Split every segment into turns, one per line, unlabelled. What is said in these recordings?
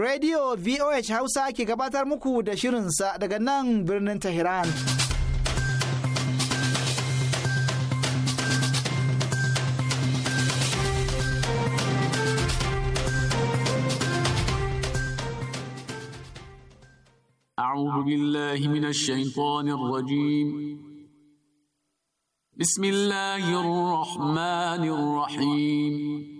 Radio VOH Hausa ke gabatar muku da shirin sa daga nan birnin Tehran.
A'udhu billahi minash shaitanir rajim. Bismillahirrahmanirrahim. Bismillahirrahmanirrahim.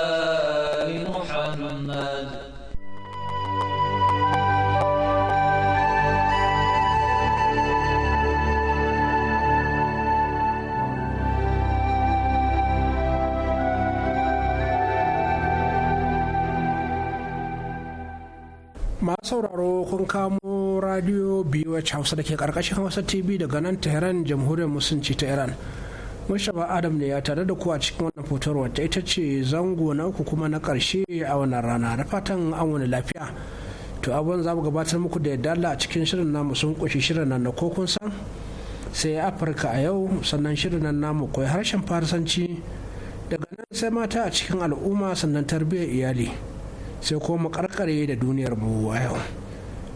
masu sauraro kun kamo radio BOH Hausa da ke karkashin Hausa TV daga nan Tehran jamhuriyar musulunci ta Iran. Mushaba Adam ne ya tare da ku a cikin wannan fitarwar ta ita ce zango na uku kuma na karshe a wannan rana da fatan an wani lafiya. To abin za mu gabatar muku da yadda a cikin shirin namu sun kunshi shirin nan na kokun san sai Afirka a yau sannan shirin nan namu koyi harshen Farisanci daga nan sai mata a cikin al'umma sannan tarbiyyar iyali. sai ko mu karkare da duniyar mu a yau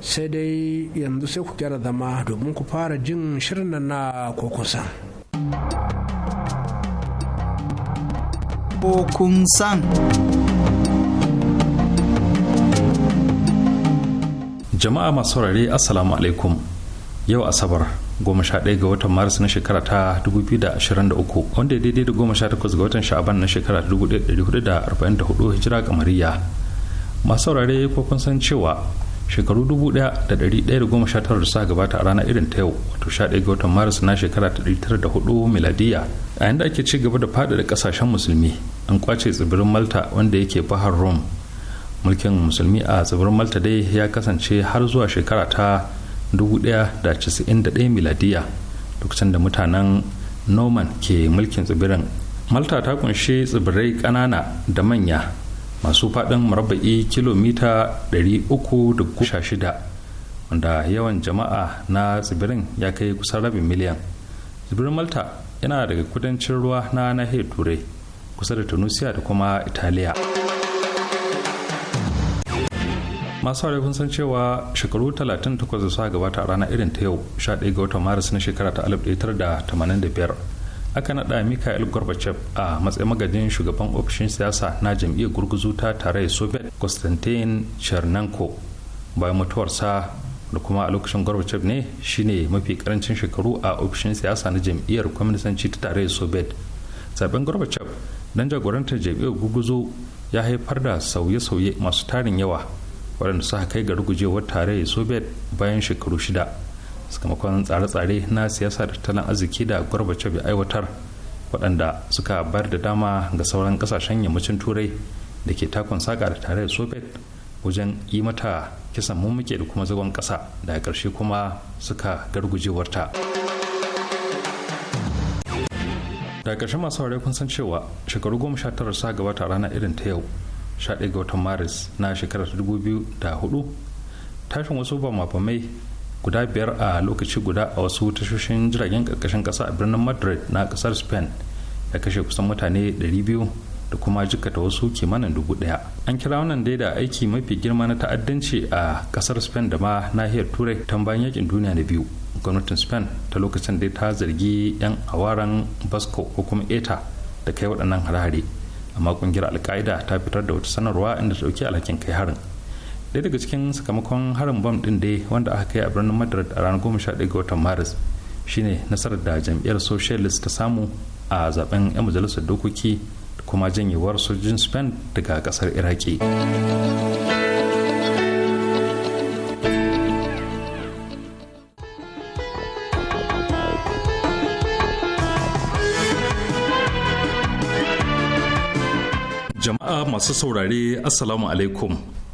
sai dai yanzu sai ku gyara zama domin ku fara jin shirin nan na kokunsan kokunsan
jama'a masu saurare assalamu alaikum yau asabar goma sha ga watan maris na shekara ta 2023 wanda daidai da goma sha takwas ga watan sha'aban na shekara ta 1444 hijira kamariya masu saurare ko kun san cewa shekaru 1119 da suka gabata a ranar irin ta yau wato 11 ga watan maris na shekara ta hudu miladiya a yanda ake ci gaba da fadada kasashen musulmi an kwace tsibirin malta wanda yake bahar rome mulkin musulmi a tsibirin malta dai ya kasance har zuwa shekara ta 1191 miladiya lokacin da mutanen norman ke mulkin tsibirin malta ta kunshi tsibirai ƙanana da manya masu faɗin murabba'i kilomita 316 wanda yawan jama'a na tsibirin ya kai kusan rabin miliyan tsibirin malta yana daga kudancin ruwa na nahiyar turai kusa da tunisia da kuma italiya masu wari kun san cewa shekaru 38 da suka gabata a ranar irin ta yau 11 ga watan maris na shekara ta 1985 aka naɗa mikhail gorbachev a matsayin magajin shugaban ofishin siyasa na jam'iyyar gurguzu ta tare da soviet konstantin chernenko bayan mutuwarsa da kuma a lokacin gorbachev ne shine mafi karancin shekaru a ofishin siyasa na jam'iyyar kwaminisanci ta da soviet zaben gorbachev don jagorantar jam'iyyar gurguzu ya haifar da sauye-sauye masu tarin yawa waɗanda suka kai ga rugujewar tarayyar soviet bayan shekaru shida sakamakon tsare-tsare na siyasa da tattalin arziki da gorbachev bai aiwatar waɗanda suka bar da dama ga sauran ƙasashen yammacin turai da ke takon saƙa da tare da soviet wajen yi mata kisan mummuke da kuma zagon ƙasa da ƙarshe kuma suka gargujewarta daga ƙarshe masu haure kun san cewa shekaru goma sha tara sa gabata rana irin ta yau sha ɗaya ga watan maris na shekarar 2004 tashin wasu ba mafamai guda biyar a lokaci guda a wasu tashoshin jiragen karkashin kasa a birnin madrid na kasar spain ya kashe kusan mutane 200 da kuma jikata wasu kimanin dubu daya an kira wannan dai da aiki mafi girma na ta'addanci a kasar spain da ma nahiyar turai tan bayan yakin duniya na biyu gwamnatin spain ta lokacin dai ta zargi 'yan awaran basco ko kuma eta da kai waɗannan hare-hare amma kungiyar alka'ida ta fitar da wata sanarwa inda ta dauki alhakin kai harin ɗaya daga cikin sakamakon harin bom ɗin dai wanda aka kai a birnin madrid a ranar 11 ga watan maris shine nasarar da jam'iyyar socialist ta samu a zaben 'yan majalisar dokoki da kuma janyewar sojin spain daga ƙasar iraki jama'a masu saurare assalamu alaikum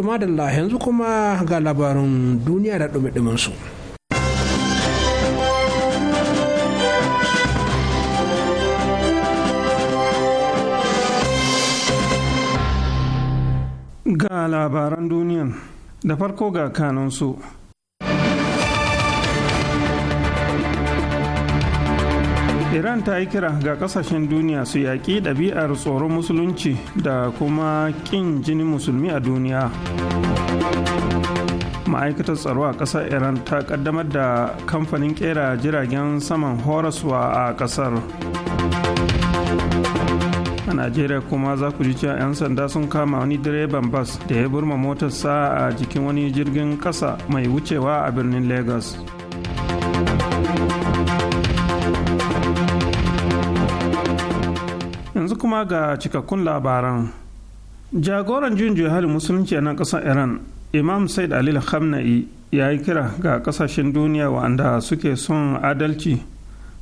To madalla yanzu kuma ga labarin duniya da ɗumi su.
Ga labaran duniyan da farko ga kanunsu. iran ta yi kira ga kasashen duniya su yaƙi ɗabi'ar tsoron musulunci da kuma ƙin jinin musulmi a duniya ma'aikatar tsaro a ƙasar iran ta ƙaddamar da kamfanin ƙera jiragen saman horaswa a ƙasar a najeriya kuma za ku ji cewa 'yan sanda sun kama wani direban bas da ya burma motarsa a jikin wani jirgin ƙasa mai wucewa a birnin lagos kuma ga cikakkun labaran jagoran jin halin musulunci na nan ƙasar iran imam said alil khamna'i ya yi kira ga ƙasashen duniya wa'anda suke son adalci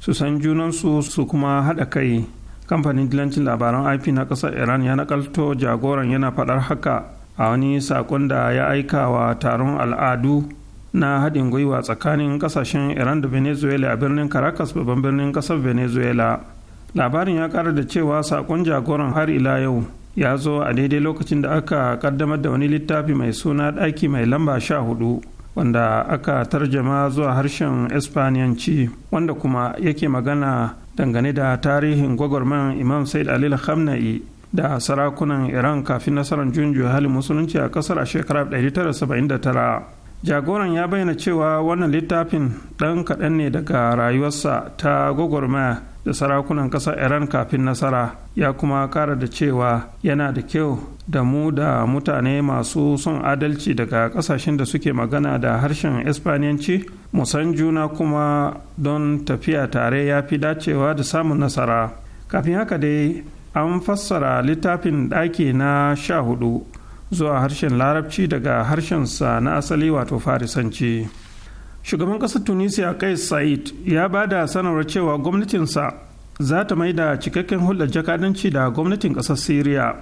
su san junansu su kuma haɗa kai kamfanin dilancin labaran ip na ƙasar iran ya nakalto jagoran yana faɗar haka a wani saƙon da ya aika wa taron al'adu na haɗin gwiwa tsakanin ƙasashen iran da venezuela a birnin caracas babban birnin ƙasar venezuela labarin ya kara da cewa sakon jagoran har ila yau ya zo a daidai lokacin da aka kaddamar da wani littafi mai suna ɗaki mai lamba sha hudu wanda aka tarjama zuwa harshen espaniyanci wanda kuma yake magana dangane da tarihin gwagwarman imam said alil khamna'i da sarakunan iran kafin nasarar junju halin musulunci a kasar a shekarar 1979 jagoran ya bayyana cewa wannan littafin ɗan kaɗan ne daga rayuwarsa ta gwagwarmaya da sarakunan ƙasar iran kafin nasara ya kuma kara da cewa yana da kyau da mu da mutane masu son adalci daga ƙasashen da suke magana da harshen espaniyanci mu san juna kuma don tafiya tare ya fi dacewa da samun nasara kafin haka dai an fassara littafin ɗaki na sha hudu zuwa harshen larabci daga harshensa na asali wato farisanci. shugaban ƙasar tunisia kais sa'id ya ba da sanarwar cewa gwamnatinsa za ta mai da cikakken hulɗar jakadanci da gwamnatin ƙasar syria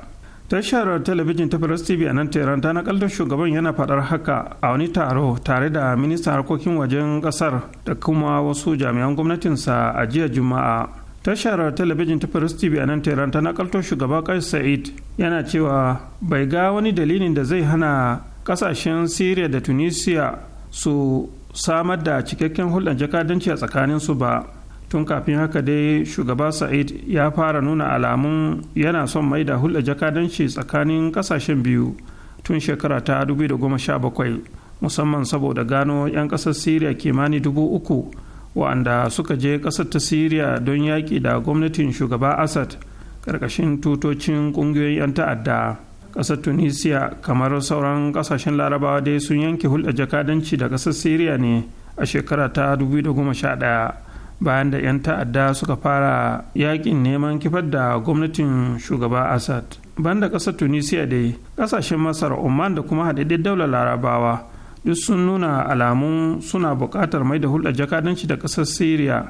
tashar talabijin ta firas tv a nan tehran ta nakaltar shugaban yana faɗar haka a wani taro tare da ministan harkokin wajen ƙasar da kuma wasu jami'an gwamnatinsa a jiya juma'a tashar talabijin ta Paris TV a nan Tehran ta nakalto shugaba Kais Sa'id yana cewa bai ga wani dalilin da zai hana kasashen Syria da Tunisia su samar da cikakken hulɗar jakadanci a tsakanin su ba tun kafin haka dai shugaba sa'id ya fara nuna alamun yana son mai da hulɗar jakadanci tsakanin ƙasashen biyu tun shekara ta 2017 musamman saboda gano 'yan ƙasar siriya kimani dubu uku wa'anda suka je ƙasar ta siriya don yaƙi da gwamnatin shugaba assad ƙarƙashin tutocin ƙungiyoyin 'yan ta'adda ƙasar tunisia kamar sauran kasashen larabawa dai sun yanke hulɗa jakadanci da ƙasar syria ne a shekara ta 2011 bayan da 'yan ta'adda suka fara yakin neman kifar da gwamnatin shugaba assad banda ƙasar tunisia dai ƙasashen masar oman da kuma haɗaɗɗen daular larabawa duk sun nuna alamun suna buƙatar mai da hulɗa jakadanci da ƙasar syria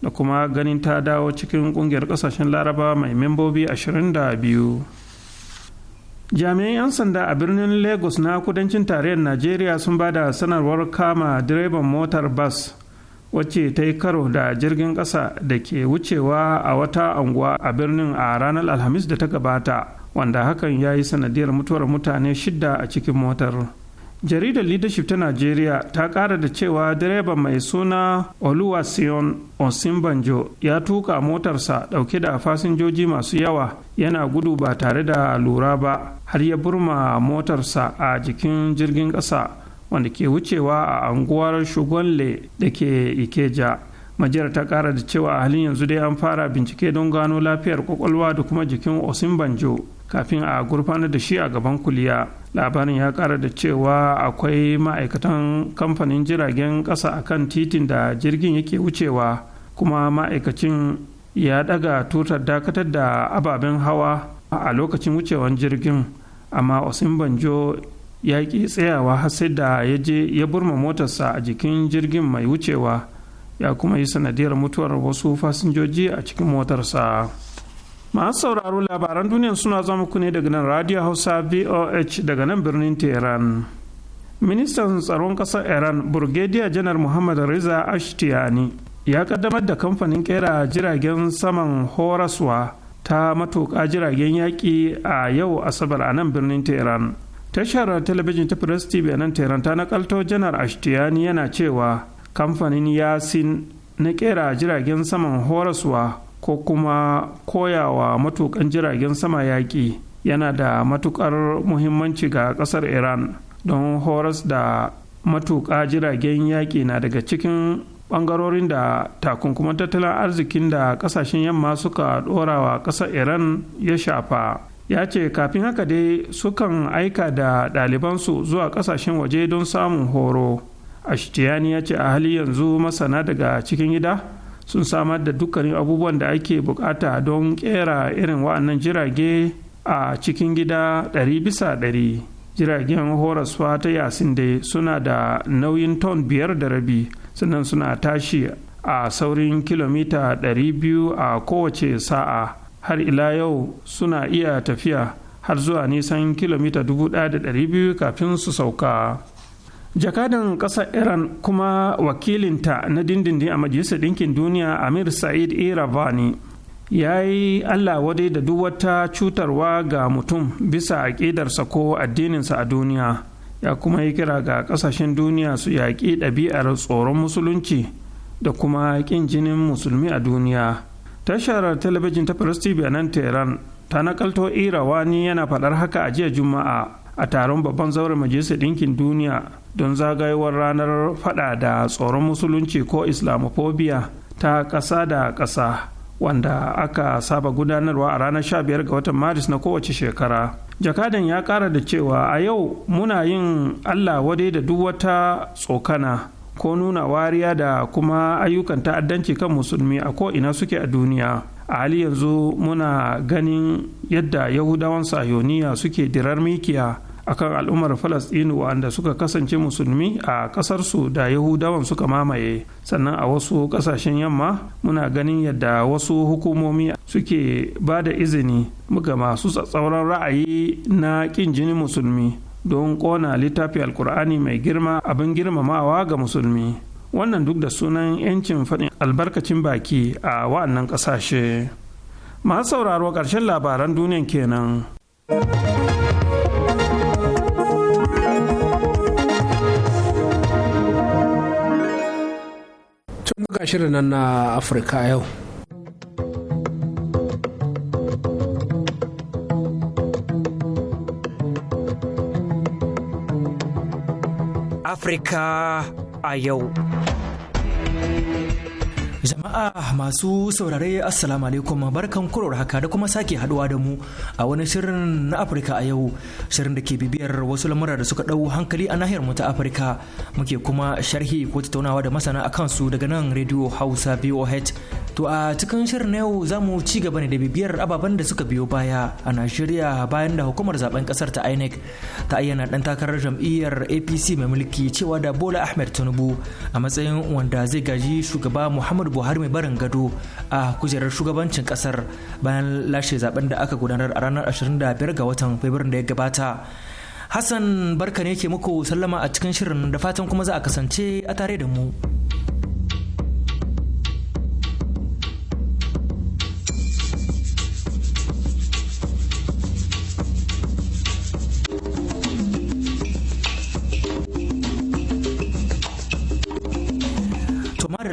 da kuma ganin ta dawo cikin ƙungiyar ƙasashen larabawa mai membobi 22 jami'an 'yan sanda a birnin lagos na kudancin tarayyar najeriya sun ba da sanarwar kama direban motar bas wacce ta yi karo da jirgin ƙasa da ke wucewa a wata anguwa a birnin a ranar alhamis da ta gabata wanda hakan ya yi sanadiyar mutuwar mutane shidda a cikin motar. jaridar leadership ta najeriya ta kara da cewa direban mai suna oluwaseun osinbanjo ya tuka motarsa dauke da fasinjoji masu yawa yana gudu ba tare da lura ba har ya burma motarsa a jikin jirgin ƙasa wanda ke wucewa a anguwar shugonle da ke ikeja majiyar ta kara da cewa a halin yanzu dai an fara bincike don gano lafiyar kwakwalwa da kuma jikin osinbanjo kafin a gurfana da shi a gaban kuliya labarin ya kara da cewa akwai ma'aikatan kamfanin jiragen ƙasa kan titin da jirgin yake wucewa kuma ma'aikacin ya daga tutar dakatar da ababen hawa a lokacin wucewan jirgin amma osin banjo ya ƙi tsayawa har sai da ya je ya burma motarsa a jikin jirgin mai wucewa ya kuma yi sanadiyar mutuwar wasu fasinjoji a cikin motarsa. masu sauraro labaran duniya suna zama ku ne daga nan radio hausa voh daga nan birnin tehran ministan tsaron ƙasar iran burgediya janar muhammad riza ashtiyani ya kaddamar da kamfanin kera jiragen saman horaswa ta matuƙa jiragen yaƙi a yau asabar a nan birnin tehran tashar talabijin ta press tv a nan tehran ta nakalto janar ashtiyani yana cewa kamfanin yasin na kera jiragen saman horaswa ko kuma koyawa matukan jiragen sama yaƙi yana da matuƙar muhimmanci ga ƙasar iran don horas da matuƙa jiragen yaƙi na daga cikin ɓangarorin da takunkuman tattalin arzikin da ƙasashen yamma suka ɗora wa ƙasar iran ya shafa ya ce kafin haka dai sukan aika da ɗalibansu zuwa ƙasashen waje don samun horo ashtiyani ya ce a hali yanzu masana daga cikin gida sun samar da dukkanin abubuwan da ake bukata don kera irin wa'annan jirage a cikin gida ɗari bisa ɗari jiragen horaswa ta yasin dai suna da nauyin ton biyar da rabi sannan suna tashi a saurin kilomita 200 a kowace sa'a har ila yau suna iya tafiya har zuwa nisan kilomita 1200 kafin su sauka. jakadan ƙasar iran kuma wakilinta na dindindin a majalisar ɗinkin duniya amir sa'id iravani ya yi allah wadai da duk wata cutarwa ga mutum bisa aƙidarsa ko addininsa a duniya ya kuma yi kira ga ƙasashen duniya su yaƙi ɗabi'ar tsoron musulunci da kuma ƙin jinin musulmi a duniya tashar talabijin ta firis tv a nan tehran ta nakalto irawani yana faɗar haka a jiya juma'a a taron babban zauren majalisar ɗinkin duniya don zagayowar ranar faɗa da tsoron musulunci ko islamophobia ta ƙasa da ƙasa wanda aka saba gudanarwa a ranar 15 ga watan maris na kowace shekara jakadan ya ƙara da cewa a yau muna yin allah wadai da duk wata tsokana ko nuna wariya da kuma ayyukan ta'addanci kan musulmi a ko'ina suke a duniya a hali yanzu muna ganin yadda yahudawan sayoniya suke dirar mikiya akan al'ummar falastinu wanda suka kasance musulmi a kasarsu da yahudawan suka mamaye sannan a wasu ƙasashen yamma muna ganin yadda wasu hukumomi suke ba da izini muga masu tsatsauran ra'ayi na ƙin jinin musulmi don kona littafi alkur'ani mai girma abin girmamawa ga musulmi wannan duk da sunan 'yancin faɗin albarkacin baki a wa'annan ƙasashe masu sauraro ƙarshen labaran duniya kenan.
ga shirin nan na Afirka yau.
Afirka a yau. Jama'a masu saurare Assalamu alaikum barkan kurar haka da kuma sake haduwa da mu a wani shirin na Afirka a yau shirin da ke bibiyar wasu lamura da suka ɗau hankali a nahiyar mu ta Afirka muke kuma sharhi ko tattaunawa da masana akan su daga nan Radio Hausa boh. To a cikin shirin na yau za mu ci gaba ne da bibiyar ababen da suka biyo baya a Najeriya bayan da hukumar zaben kasar ta INEC ta ayyana dan takarar jam'iyyar APC mai mulki cewa da Bola Ahmed Tinubu a matsayin wanda zai gaji shugaba muhammad Buhari mai barin gado a kujerar shugabancin kasar bayan lashe zaben da aka gudanar a ranar 25 ga watan Fabrairu da ya gabata. Hassan barka ne ke muku sallama a cikin shirin da fatan kuma za a kasance a tare da mu.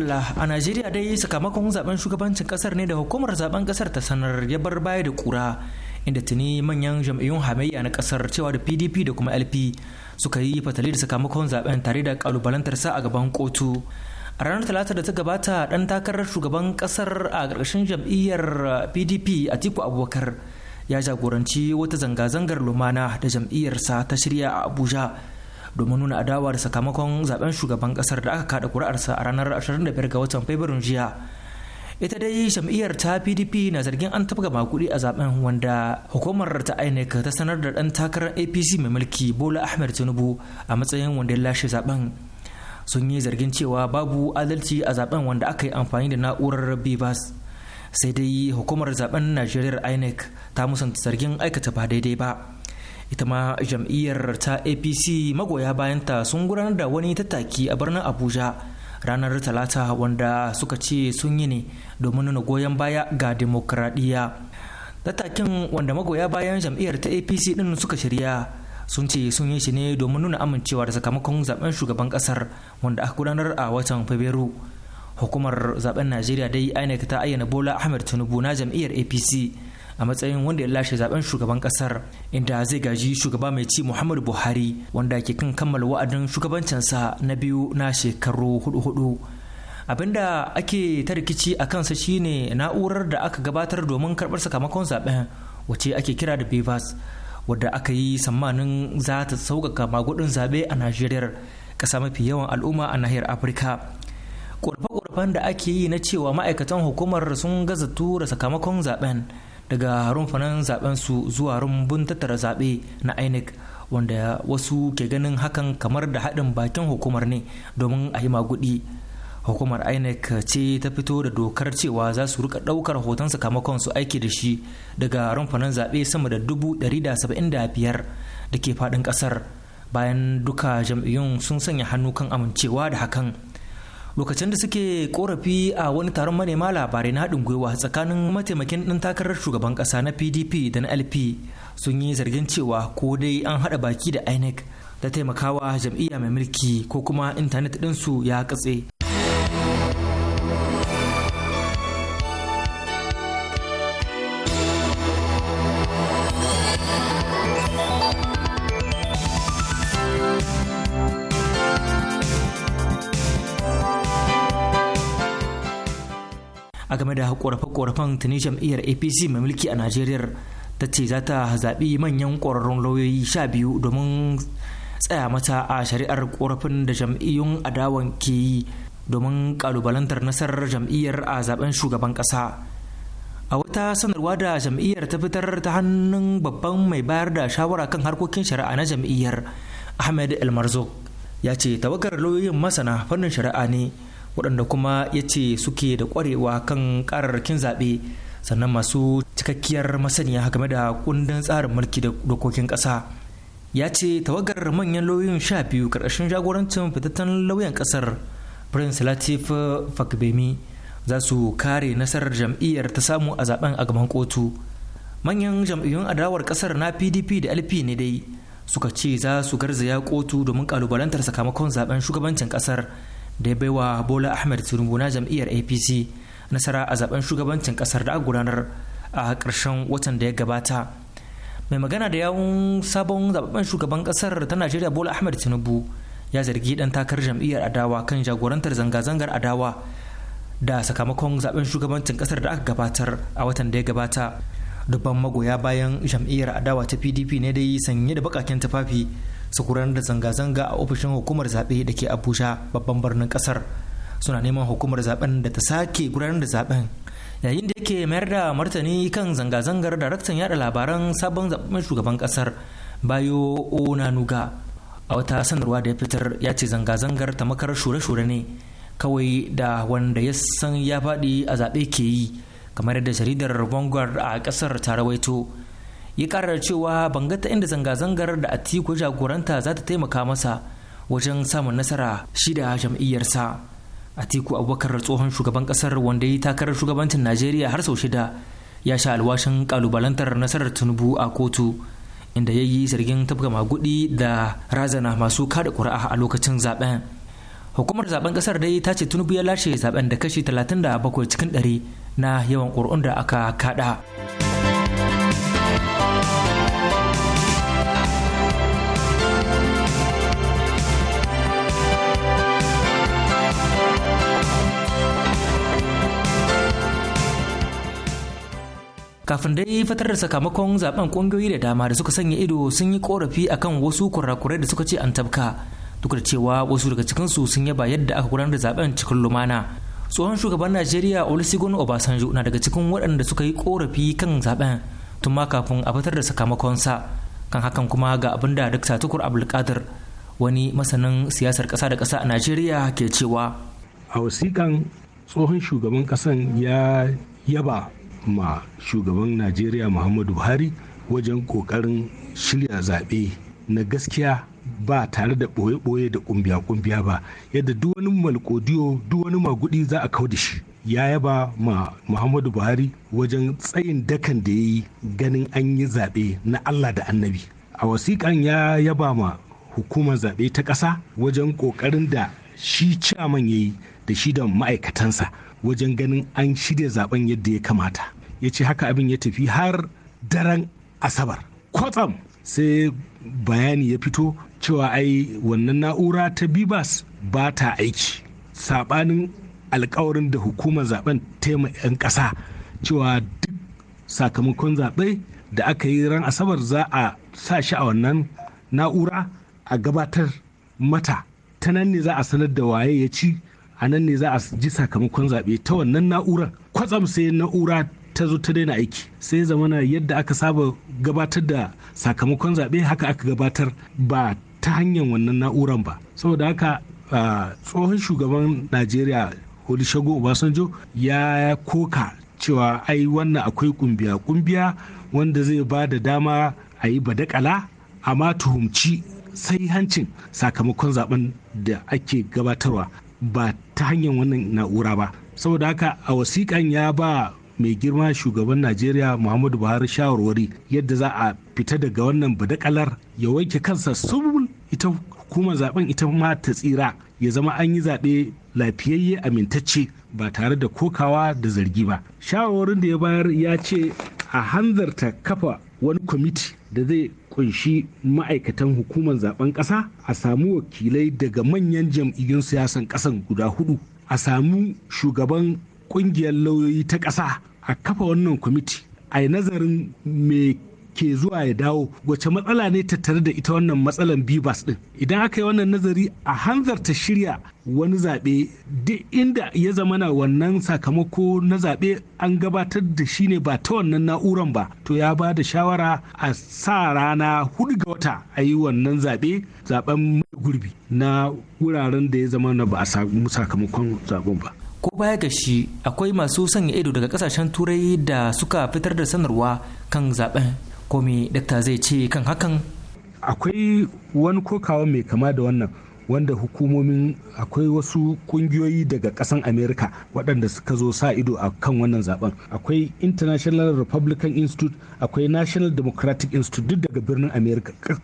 Allah a najeriya dai sakamakon zaben shugabancin kasar ne da hukumar zaben kasar ta sanar ya bar baya da kura inda tuni manyan jam'iyyun hamayya na kasar cewa da pdp da kuma lp suka yi fatali da sakamakon zaben tare da kalubalantar sa a gaban kotu a ranar talata da ta gabata dan takarar shugaban kasar a ƙarƙashin jam'iyyar pdp atiku abubakar ya jagoranci wata zanga-zangar lumana da jam'iyyarsa ta shirya a abuja domin nuna adawa da sakamakon zaben shugaban kasar da aka kada kuri'arsa a ranar 25 ga watan fabrairun jiya ita dai jam'iyyar ta pdp na zargin an tabga makudi a zaben wanda hukumar ta inec ta sanar da dan takarar apc mai mulki bola ahmed tinubu a matsayin wanda ya lashe zaben sun yi zargin cewa babu adalci a zaben wanda aka yi amfani da na'urar bivas sai dai hukumar zaben najeriya inec ta musanta zargin aikata ba daidai ba ita ma jam'iyyar ta apc magoya bayanta sun gudanar da wani tattaki a birnin abuja ranar talata wanda suka ce sun yi ne domin nuna goyon baya ga demokradiyya tattakin wanda magoya bayan jam'iyyar ta apc din suka shirya sun ce sun yi shi ne domin nuna amincewa da sakamakon zaben shugaban kasar wanda aka gudanar a watan fabrairu hukumar zaben najeriya dai inec ta ayyana bola ahmed tinubu na jam'iyyar apc a matsayin wanda ya lashe zaben shugaban kasar inda zai gaji shugaba mai ci muhammadu buhari wanda ke kan kammala wa'adin shugabancinsa na biyu na shekaru hudu-hudu abinda ake ta rikici a kansa shine na'urar da aka gabatar domin karbar sakamakon zaben wace ake kira da bivas wadda aka yi sammanin za ta sauƙaƙa magudin zaɓe a najeriya ƙasa mafi yawan al'umma a nahiyar afirka ƙorafe-ƙorafen da ake yi na cewa ma'aikatan hukumar sun gaza tura sakamakon zaben daga rumfanin zaben su zuwa rumbun tattara zaɓe na inec wanda wasu ke ganin hakan kamar da haɗin bakin hukumar ne domin a yi magudi hukumar inec ce ta fito da dokar cewa za su rika ɗaukar hoton sakamakon su aiki da shi daga rumfanin zaɓe sama da dubu ɗari da saba'in da biyar da ke faɗin ƙasar bayan duka jam'iyyun sun sanya hannu kan amincewa da hakan lokacin da suke korafi a wani taron manema labarai na haɗin gwiwa tsakanin mataimakin ɗan takarar shugaban ƙasa na pdp da na lp sun yi zargin cewa ko dai an haɗa baki da inec da taimakawa jam'iyya mai mulki ko kuma intanet ɗinsu ya katse da korafe-korafen tuni jam'iyyar apc mai mulki a najeriya ta ce za ta zaɓi manyan ƙwararrun lauyoyi sha biyu domin tsaya mata a shari'ar korafin da jam'iyyun adawan ke yi domin ƙalubalantar nasarar jam'iyyar a zaben shugaban ƙasa a wata sanarwa da jam'iyyar ta fitar ta hannun babban mai bayar da shawara kan harkokin shari'a na jam'iyyar ahmed elmarzo ya ce tawagar lauyoyin masana fannin shari'a ne waɗanda kuma ya ce suke da ƙwarewa kan ƙararrakin zaɓe sannan masu cikakkiyar masaniya game da kundin tsarin mulki da dokokin ƙasa ya ce tawagar manyan lauyoyin sha biyu ƙarƙashin jagorancin fitattun lauyan ƙasar prince latif fakbemi za su kare nasarar jam'iyyar ta samu a zaben a gaban kotu manyan jam'iyyun adawar ƙasar na pdp da lp ne dai suka ce za su garzaya kotu domin kalubalantar sakamakon zaben shugabancin ƙasar da ya baiwa bola ahmed tinubu na jam'iyyar apc nasara a zaben shugabancin kasar da aka gudanar a ƙarshen watan da ya gabata mai magana da yawun sabon zababben shugaban kasar ta najeriya bola ahmed tinubu ya zargi dan takar jam'iyyar adawa kan jagorantar zanga-zangar adawa da sakamakon zaben shugabancin kasar da aka gabatar a watan da ya gabata dubban magoya bayan jam'iyyar adawa ta pdp ne dai sanye da bakakin tufafi su da zanga-zanga a ofishin hukumar zaɓe da ke abuja babban birnin ƙasar suna neman hukumar zaɓen da ta sake gudanar da zaɓen yayin da yake mayar da martani kan zanga-zangar da raktan yada labaran sabon zaɓen shugaban ƙasar bayo onanuga a wata sanarwa da ya fitar ya ce zanga-zangar ta makar shure-shure ne kawai da wanda ya san ya faɗi a zaɓe ke yi kamar yadda jaridar vanguard a ƙasar ta rawaito ya da cewa banga ta inda zanga-zangar da atiku jagoranta za ta taimaka masa wajen samun nasara shi da jam'iyyarsa atiku abubakar tsohon shugaban kasar wanda ya takarar shugabancin najeriya har sau shida ya sha alwashin kalubalantar nasarar tinubu a kotu inda ya yi zargin tafka magudi da razana masu kada kuri'a a lokacin zaben hukumar zaben kasar dai ta ce tinubu ya lashe zaben da kashi 37 cikin 100 na yawan ƙuri'un da aka kada. kafin dai fitar da sakamakon zaben kungiyoyi da dama da suka sanya ido sun yi korafi akan wasu kurakurai da suka ce an tabka duk da cewa wasu daga cikin su sun yaba yadda aka gudanar da zaben cikin lumana tsohon shugaban najeriya olusegun obasanjo na daga cikin waɗanda suka yi korafi kan zaben tun ma kafin a fitar da sakamakon sa kan hakan kuma ga abin da duk tukur abdulkadir wani masanin siyasar kasa da kasa a najeriya ke cewa a wasiƙan
tsohon shugaban ƙasan ya yaba ma shugaban najeriya muhammadu buhari wajen kokarin shirya zaɓe na gaskiya ba tare da ɓoye-ɓoye da ƙumbiya-ƙumbiya ba yadda duk wani malkodiyo duk wani magudi za a kau da shi ya yaba ma muhammadu buhari wajen tsayin dakan da ya yi ganin an yi zaɓe na allah da annabi a wasiƙan ya yaba ma hukumar zaɓe ta ƙasa wajen ƙoƙarin da shi caman ya yi da shi da ma'aikatansa wajen ganin an shirya zaɓen yadda ya kamata ya ce haka abin ya tafi har daren asabar kwatsam sai bayani ya fito cewa ai wannan na'ura ta bibas ba ta aiki saɓanin alkawarin da hukumar zaben tema 'yan ƙasa cewa duk sakamakon zaɓe da aka yi ran asabar za a sa shi a wannan na'ura a gabatar mata ta nan ne za a sanar da waye ya ci a nan ne za a ji sakamakon zaɓe ta wannan na'urar kwatsam sai na'ura ta zo ta daina aiki sai zama na yadda aka saba gabatar da sakamakon zaɓe haka aka gabatar ba ta hanyar wannan na'uran ba saboda haka tsohon shugaban najeriya shago obasanjo ya koka cewa ai wannan akwai kumbiya kumbiya wanda zai ba da dama a yi badakala amma tuhumci sai hancin sakamakon zaben da ake gabatarwa ba ta hanyar wannan na'ura ba saboda haka a wasiƙan ya ba mai girma shugaban najeriya muhammadu buhari shawarwari yadda za a fita daga wannan badakalar ya wanke kansa subul ita hukumar zaben ita ma ta tsira ya zama an yi zaɓe lafiyayye amintacce ba tare da kokawa da zargi ba shawarwarin da ya bayar ya ce a hanzarta kafa wani kwamiti da zai kunshi ma'aikatan hukumar zaben ƙasa a samu wakilai daga manyan jam'iyyun siyasan ƙasan guda hudu a samu shugaban kungiyar lauyoyi ta ƙasa a kafa wannan kwamiti a yi nazarin me ke zuwa ya dawo wace matsala ne tattare da ita wannan matsalan bibas din idan aka yi wannan nazari a hanzarta shirya wani zaɓe duk inda ya zamana wannan sakamako na zaɓe an gabatar da shi ne ba ta wannan na'uran ba to ya ba da shawara a sa rana hudu ga wata a yi wannan zaɓe zaɓen gurbi na wuraren da ya zama na ba a samu sakamakon zaɓen ba
ko baya ga shi akwai masu sanya ido daga kasashen turai da suka fitar da sanarwa kan zaben ko me dakta zai ce kan hakan akwai wani kokawa
mai kama da wannan wanda hukumomin akwai wasu kungiyoyi daga kasan america waɗanda suka zo sa ido a kan wannan zaben akwai international republican institute akwai national democratic institute duk daga birnin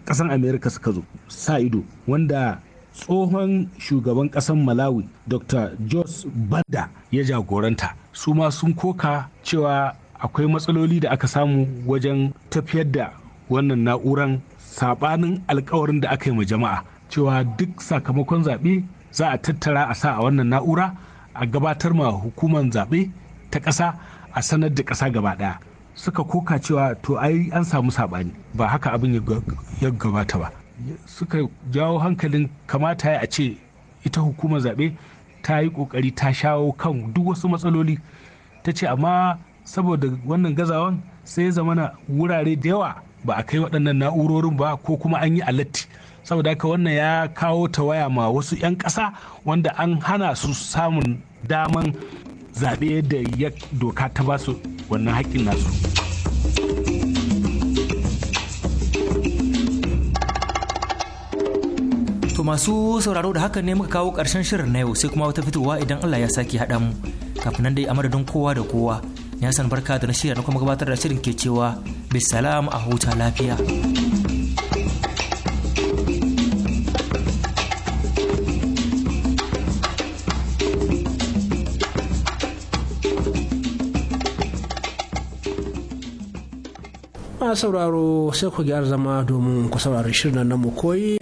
kasan america suka zo sa ido wanda tsohon shugaban ƙasar malawi dr jos banda ya jagoranta su ma sun koka cewa akwai matsaloli da aka samu wajen tafiyar da wannan na'uran sabanin alkawarin da aka yi ma jama'a cewa duk sakamakon zaɓe za a tattara a sa a wannan na'ura a gabatar ma hukumar zaɓe ta ƙasa a sanar da ƙasa gaba ɗaya suka koka cewa to ai an samu saɓani ba haka abin ya gabata ba suka jawo hankalin kamata a ce ita hukumar zaɓe ta yi ƙoƙari ta shawo kan duk wasu matsaloli ta ce amma saboda wannan gazawan sai zamana wurare da yawa ba a kai waɗannan na'urorin ba ko kuma an yi alatti saboda haka wannan ya kawo ta waya ma wasu 'yan ƙasa wanda an hana su samun daman zaɓe da ya doka ta basu wannan haƙƙin nasu.
To masu sauraro da hakan ne muka kawo ƙarshen shirin na yau sai kuma wata fitowa idan Allah ya sake haɗa mu. Kafin nan dai a madadin kowa da kowa. ni san barka da na shirya na kuma gabatar da shirin ke cewa bisalam a huta lafiya.
sauraro sai ku gyara zama domin ku saurari shirin nan mu koyi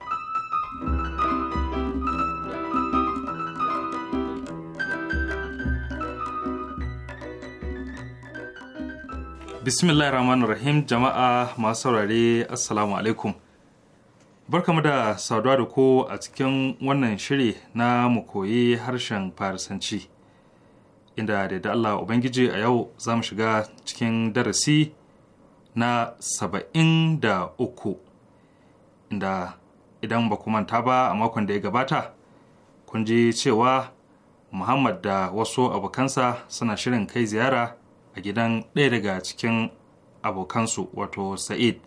Bismillahirrahmanirrahim jama'a masu saurare Assalamu alaikum. Barkamu da saduwa da ku a cikin wannan shiri na mu koyi harshen Farisanci. Inda da Allah Ubangiji a yau za mu shiga cikin darasi na saba'in da uku. Inda idan ba manta ba a makon da ya gabata, kun ji cewa Muhammad da wasu abokansa suna shirin kai ziyara a gidan ɗaya daga cikin abokansu wato sa'id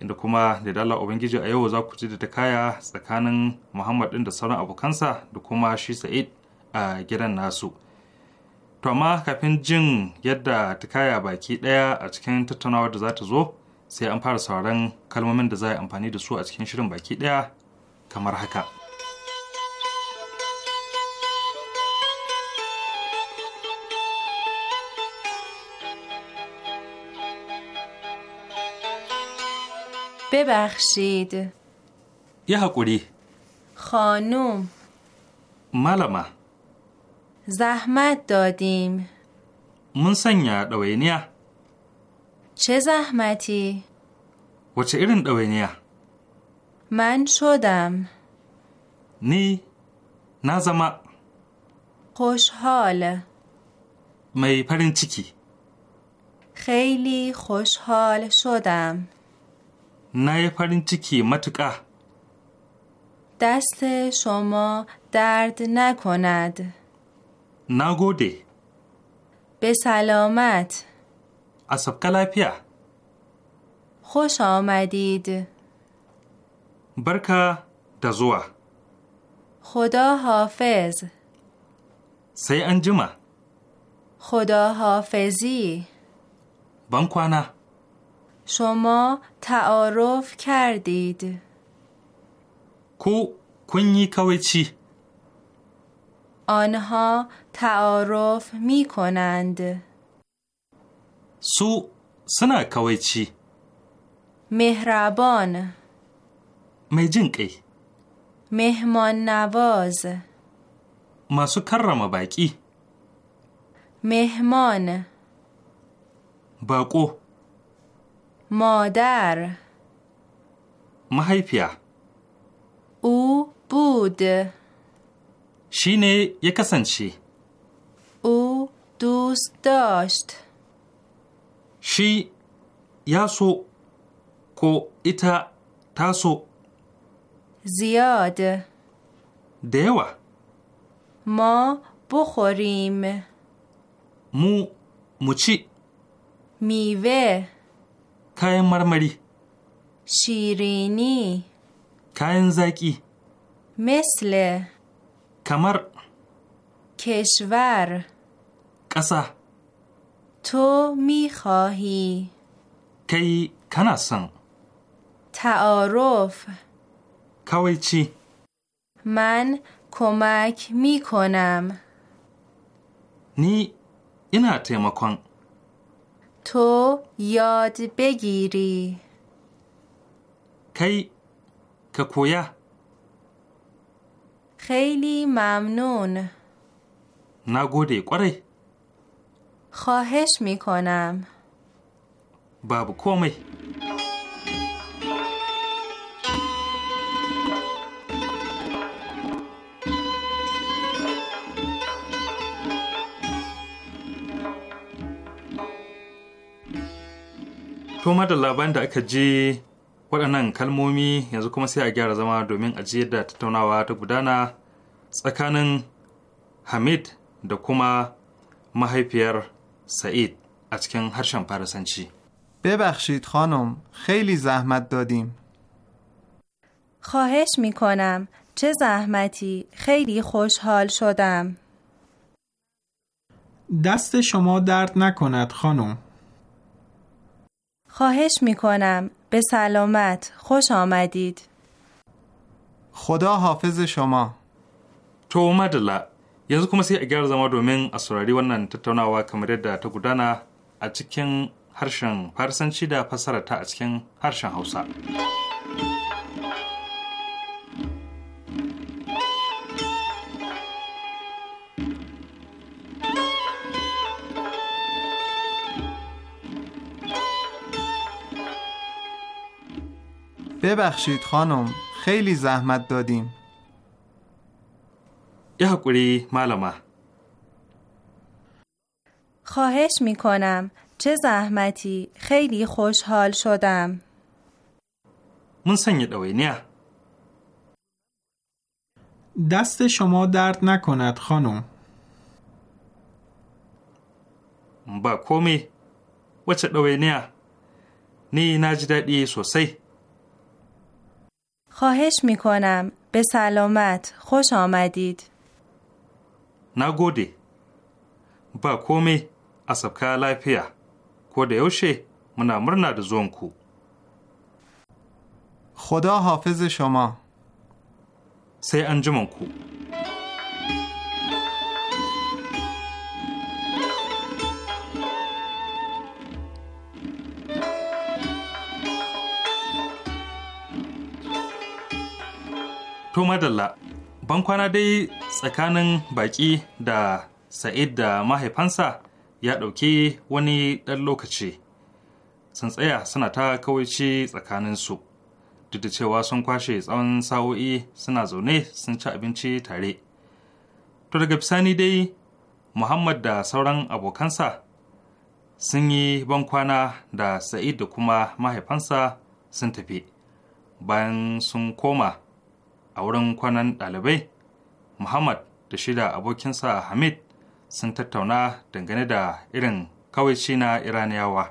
inda kuma da dala ubangiji a yau za ku ji da ta kaya tsakanin muhammad ɗin da sauran abokansa da kuma shi sa'id a gidan nasu to amma kafin jin yadda ta kaya baki ɗaya a cikin tattaunawar da za ta zo sai an fara sauran kalmomin da za a yi amfani da su a cikin shirin baki ɗaya kamar haka.
ببخشید یه حقوری خانوم ملما زحمت دادیم
من سنیا دوینیا
چه زحمتی؟
و چه ایرن دوینیا؟
من شدم
نی نازما
خوشحال
می پرین چیکی
خیلی خوشحال شدم
نه فرین چیکی matuƙa.
دست شما درد نکند
نگوده
به سلامت
اصاب کلاپیا
خوش آمدید
برکه دزوه
خدا حافظ
سی انجمه
خدا حافظی بانکوانا شما تعارف کردید
کو کنی کوچی
آنها تعارف می کنند
سو سنا کوچی
مهربان میجنکی مهمان نواز
ماسو کرم باکی
مهمان باقو مادر محیپیا او بود
شینه چی؟
او دوست داشت
شی یاسو کو ایتا تاسو
زیاد دیوا ما بخوریم
مو مچی
میوه
kayan marmari.
Shirini.
Kayan zaƙi.
Mesle. Kamar. Keshvar. Ƙasa. To mi khahi.
Kai kana son.
Kawai
Kawaici.
Man komak mi konam.
Ni ina taimakon.
تو یاد بگیری
کی که
خیلی ممنون
نگوری قره
خواهش میکنم
باب کومی To da labarin da aka je waɗannan kalmomi yanzu kuma sai a gyara zama domin a da tattaunawa ta gudana tsakanin Hamid da kuma mahaifiyar
Sa'id a cikin harshen Farisanci. ببخشید خانم خیلی زحمت دادیم
خواهش می کنم چه زحمتی خیلی خوشحال شدم
دست شما درد نکند خانم
خواهش می کنم به سلامت خوش آمدید
خدا حافظ شما
تو اومدلا yanzu kuma sai a gyara zama domin a saurari wannan tattaunawa kamar yadda ta gudana a cikin harshen farsanci da fasarata a cikin harshen hausa.
ببخشید خانم خیلی زحمت دادیم
یه کوری معلومه
خواهش می چه زحمتی خیلی خوشحال شدم
من سنگ دوینیه دست شما درد نکند خانم
با کومی وچه نیا نی نجددی سوسی
خواهش می کنم به سلامت خوش آمدید
نگودی با کومی اصاب که لایپیا من امر ند زون کو
خدا حافظ شما سی انجمن کو
To madalla, ban kwana dai tsakanin baƙi da Sa'id da mahaifansa ya ɗauki wani ɗan lokaci. Sun tsaya suna ta kawaici tsakaninsu, duk da cewa sun kwashe tsawon sa'o'i suna zaune sun ci abinci tare. To daga bisani dai, Muhammad da sauran abokansa sun yi ban kwana da Sa'id da kuma mahaifansa sun tafi. Bayan sun koma a wurin kwanan ɗalibai muhammad da shida abokinsa hamid sun tattauna dangane da irin kawaici na iraniyawa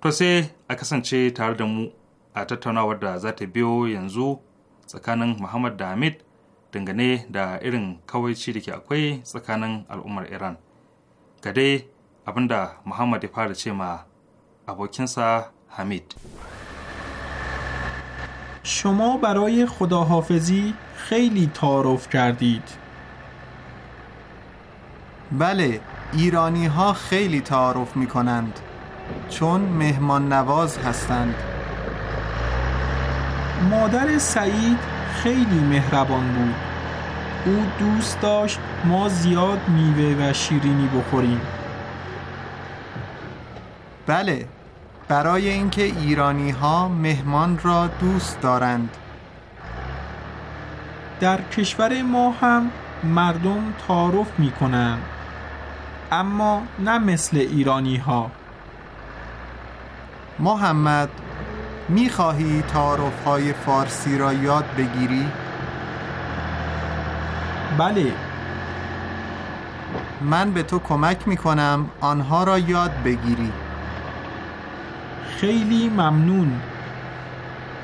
to sai a kasance tare da mu a tattaunawar da za ta biyo yanzu tsakanin muhammad da hamid dangane da irin kawaici da ke akwai tsakanin al'ummar iran ga dai abinda muhammad ya fara ce ma abokinsa hamid
شما برای خداحافظی خیلی تعارف کردید بله ایرانی
ها خیلی تعارف می کنند چون مهمان نواز هستند
مادر سعید خیلی مهربان بود او دوست داشت ما زیاد میوه و شیرینی بخوریم بله برای اینکه ایرانی ها مهمان را دوست دارند در کشور ما هم مردم تعارف می کنند اما نه مثل ایرانی ها محمد
می خواهی تعارف های فارسی را یاد بگیری؟ بله من به تو کمک می کنم آنها را یاد بگیری خیلی ممنون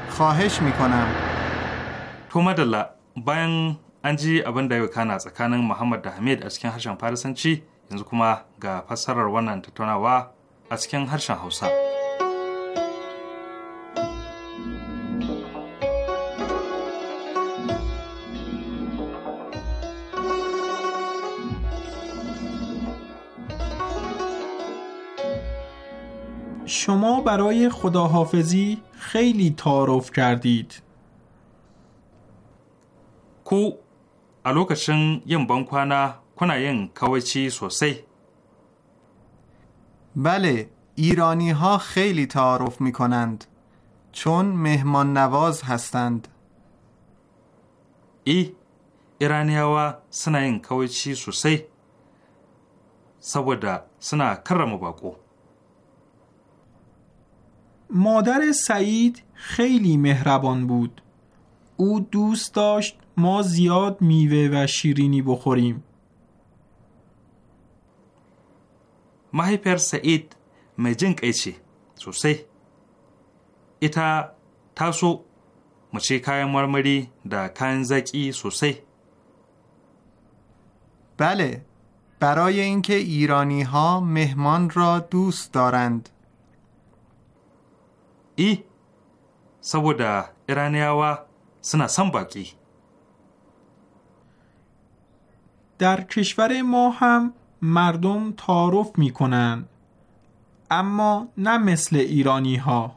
خواهش میکنم تو مدلا باین
an ji abin da ya kana tsakanin Muhammad da Hamid a cikin harshen Farisanci yanzu kuma ga fassarar wannan tattaunawa a cikin harshen Hausa.
شما برای خداحافظی خیلی تعارف کردید. کو
الوکشن یم بانکوانا کنا یم کوچی
بله ایرانی ها خیلی تعارف می کنند چون مهمان نواز هستند ای
ایرانی ها سنا یم کوچی سوسی سبودا سنا کرمو باکو
مادر سعید خیلی مهربان بود او دوست داشت ما زیاد میوه و شیرینی بخوریم
ماهی پر سعید مجنگ ایچی سوسی. ایتا تاسو ta کای مرمری دا کنزکی سوسی
بله برای اینکه ایرانی ها مهمان را دوست دارند ای e,
saboda iraniyawa suna son باقی
در کشور ما هم مردم تعارف می اما نه مثل ایرانی ها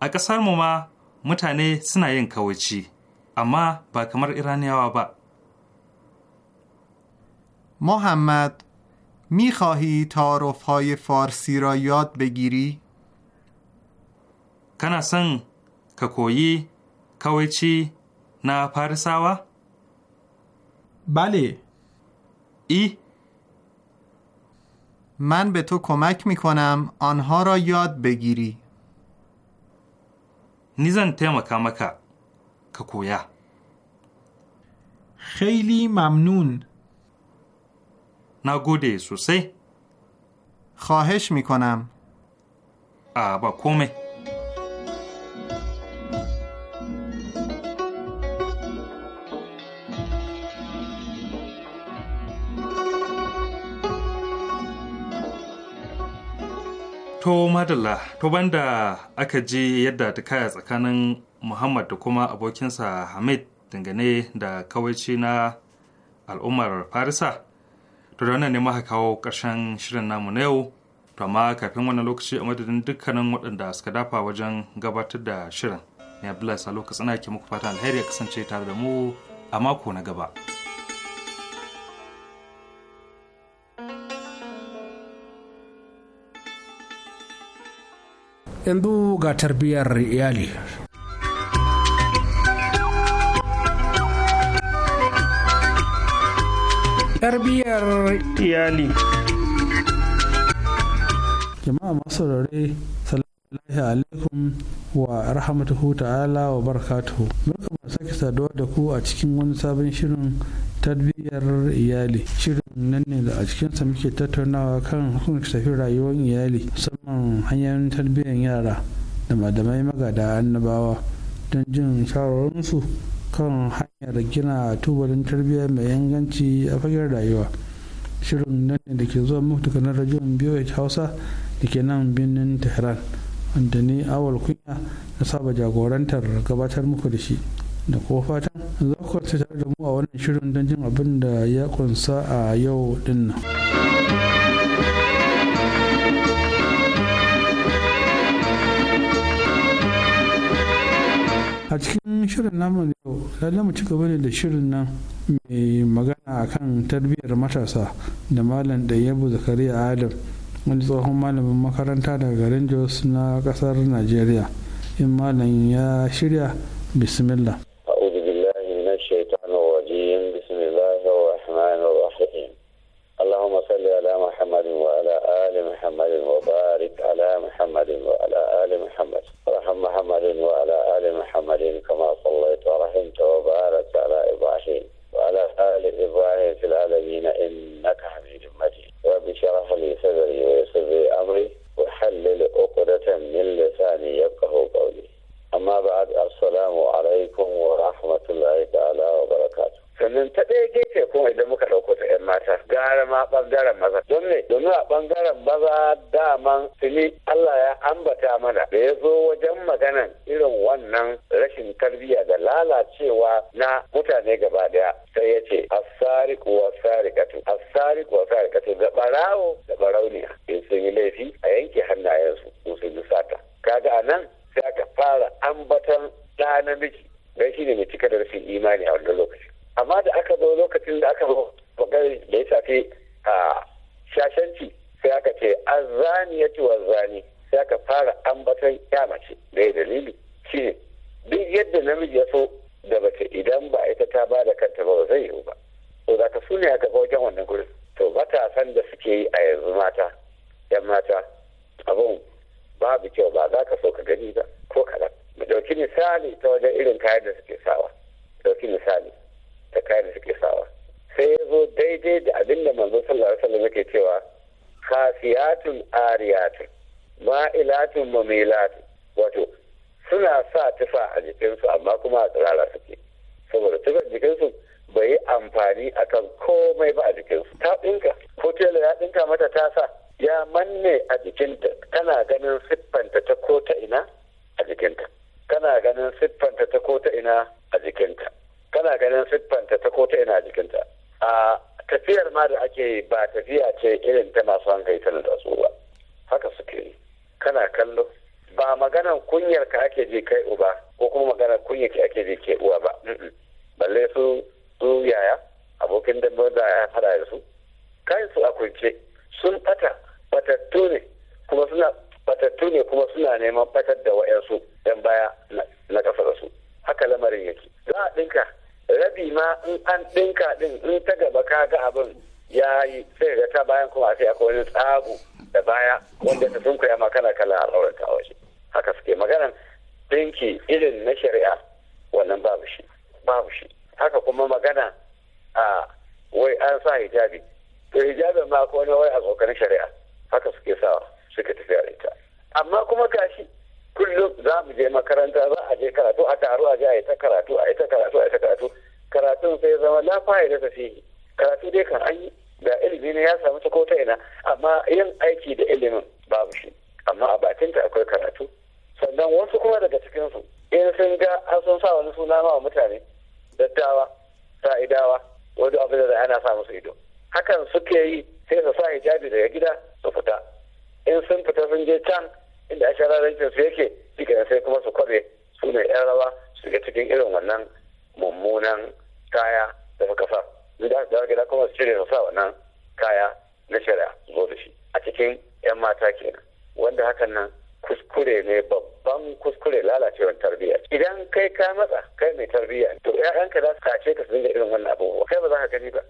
اکسر ما متنه سناین کوچی اما با کمر ایرانیا ها با
محمد میخواهی تعارف های فارسی را یاد بگیری؟
کنا سن که کویی کویچی
نا پرساوا؟ بله ای من به تو کمک میکنم آنها را یاد بگیری
نیزن تیما کامکا. ککویا
خیلی ممنون
sosai. سوسه خواهش میکنم
آبا kome. To madalla, to banda aka ji yadda ta kaya tsakanin Muhammad da kuma abokinsa Hamid dangane da kawaici na al'ummar Farisa, to da ne muka kawo ƙarshen shirin namu na yau to amma kafin wannan lokaci a madadin dukkanin waɗanda suka dafa wajen gabatar da shirin ne abdullahi salo ka tsana ke muku fatan alheri ya kasance tare da mu a mako na gaba.
yanzu ga tarbiyyar iyali tarbiyyar
iyali jama'a masu rare salamu alaikum wa rahmatuhu ta'ala wa barakatuhu barka mu sake saduwa da ku a cikin wani sabon shirin tarbiyyar iyali shirin nan ne da a cikinsa muke tattaunawa kan hukunci tafi rayuwar iyali musamman hanyar tarbiyyar yara da madamai magada annabawa don jin shawarwarinsu kan hanyar gina tubalin tarbiyya mai inganci a fagen rayuwa shirin nan ne da ke zuwa muku na nan rajon biyoyi hausa da ke nan birnin tehran wanda ni awal kunya na saba jagorantar gabatar muku da shi da kuma fatan za ku tare da mu a wannan shirin don jin abin da ya kunsa a yau dinnan. a cikin shirin namu yau lallai mu ci gaba da shirin nan mai magana akan tarbiyyar matasa da malam ɗayyabu zakariya adam wani tsohon malamin makaranta daga garin jos na kasar najeriya in malam ya shirya bismillah
da muke cewa khafiyatun ariyatun ma'ilatun mamilatun wato suna sa tufa a jikinsu amma kuma a tsirara suke saboda tufa jikinsu bai yi amfani a kan komai ba a jikinsu ta ɗinka ko tela ya ɗinka mata ta sa ya manne a jikinta kana ganin siffanta ta ko ta ina a jikinta kana ganin siffanta ta ko ta ina a jikinta kana ganin siffanta ta ko ta ina a jikinta a tafiyar ma da ake yi ba tafiya ce irin ta masu hankali ta da su ba haka suke yi kana kallo ba maganar kunyar ka ake ji kai uba ko kuma maganar kunyar ki ake ji uwa ba balle su su yaya abokin dambe da ya fada da su kayan su a kunce sun fata batattu ne kuma suna batattu ne kuma suna neman fatar da wa'yansu dan baya na kasa da su haka lamarin yake za a ɗinka rabi ma in an ɗinka ɗin in ta gaba ka ga abin ya yi sai ga ta bayan kuma sai akwai wani tsabu da baya wanda ta sun kuya makana kala a ta waje haka suke maganan ɗinki irin na shari'a wannan babu shi babu shi haka kuma magana a wai an sa hijabi to hijabin ma ko na wai a tsokanin shari'a haka suke sawa suke tafiya da ita amma kuma gashi kullum za mu je makaranta za a je karatu a taru a je a yi ta karatu a yi ta karatu a yi ta karatu karatun sai zama lafaye da tafiye karatu dai kan an yi da ilimi ne ya samu ta kota ina amma yin aiki da ilimin babu shi amma a bakinta akwai karatu sannan wasu kuma daga cikinsu in sun ga har sun sa wani suna ma mutane dattawa sa'idawa wani abu da ana sa musu ido hakan suke yi sai su sa hijabi daga gida su fita in sun fita sun je can inda a shararancin su yake duka sai kuma su kwabe su ne yan rawa su ga cikin irin wannan mummunan kaya da suka sa in da su gida kuma su cire su sa wannan kaya na shari'a zo da shi a cikin yan mata kenan wanda hakan nan kuskure ne babban kuskure lalacewar tarbiyya idan kai ka matsa kai mai tarbiyya to 'ya'yanka za su kace ka su dinga irin wannan abubuwa kai ba za ka gani
ba.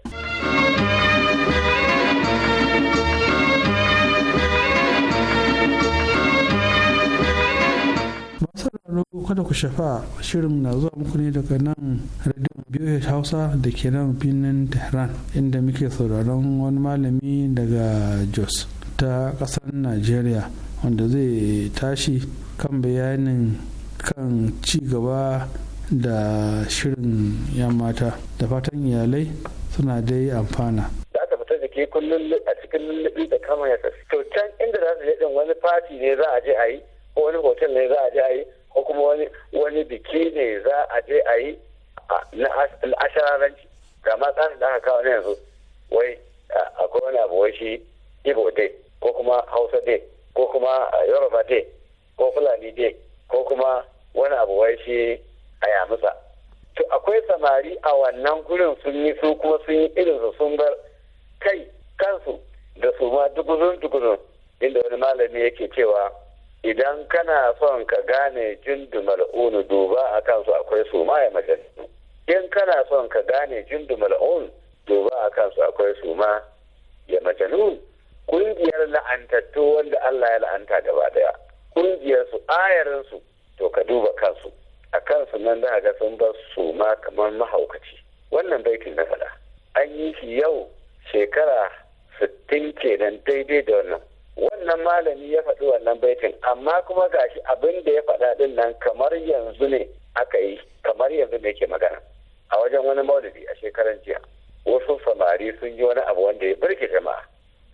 sauraro kada ku shafa shirin na zuwa muku ne daga nan radio biyu hausa da ke nan birnin tehran inda muke sauraron wani malami daga jos ta kasar najeriya wanda zai tashi kan bayanin kan ci gaba da shirin yan mata da fatan iyalai suna dai amfana
kullum a cikin lullubi da kama ya tafi to can inda za su yi wani fati ne za a je a yi ko wani hotel ne za a je a yi ko kuma wani wani biki ne za a je a yi na ashararanci ga ma tsarin da aka kawo na yanzu wai akwai wani abu wai shi ibo day ko kuma hausa day ko kuma yoruba day ko fulani day ko kuma wani abu wai shi a yamusa to akwai samari a wannan gurin sun yi su kuma sun yi irinsu sun bar kai kansu da su ma duguzun duguzun inda wani malami yake cewa idan kana son ka gane jindu mal'unu duba a kansu akwai su ma ya majalisu in kana son ka gane jindu mal'un duba a kansu akwai su ma ya majalisu kungiyar la'antattu wanda Allah ya la'anta gaba daya kungiyar su ayarin su to ka duba kansu a kansu nan za ga sun bar su ma kamar mahaukaci wannan baitin na faɗa an yi shi yau shekara sittin kenan daidai da wannan wannan malami ya faɗi wannan baitin amma kuma gashi abin da ya faɗa din nan kamar yanzu ne aka yi kamar yanzu ne ke magana a wajen wani maulidi a shekaran jiya wasu samari sun yi wani abu wanda ya birke jama'a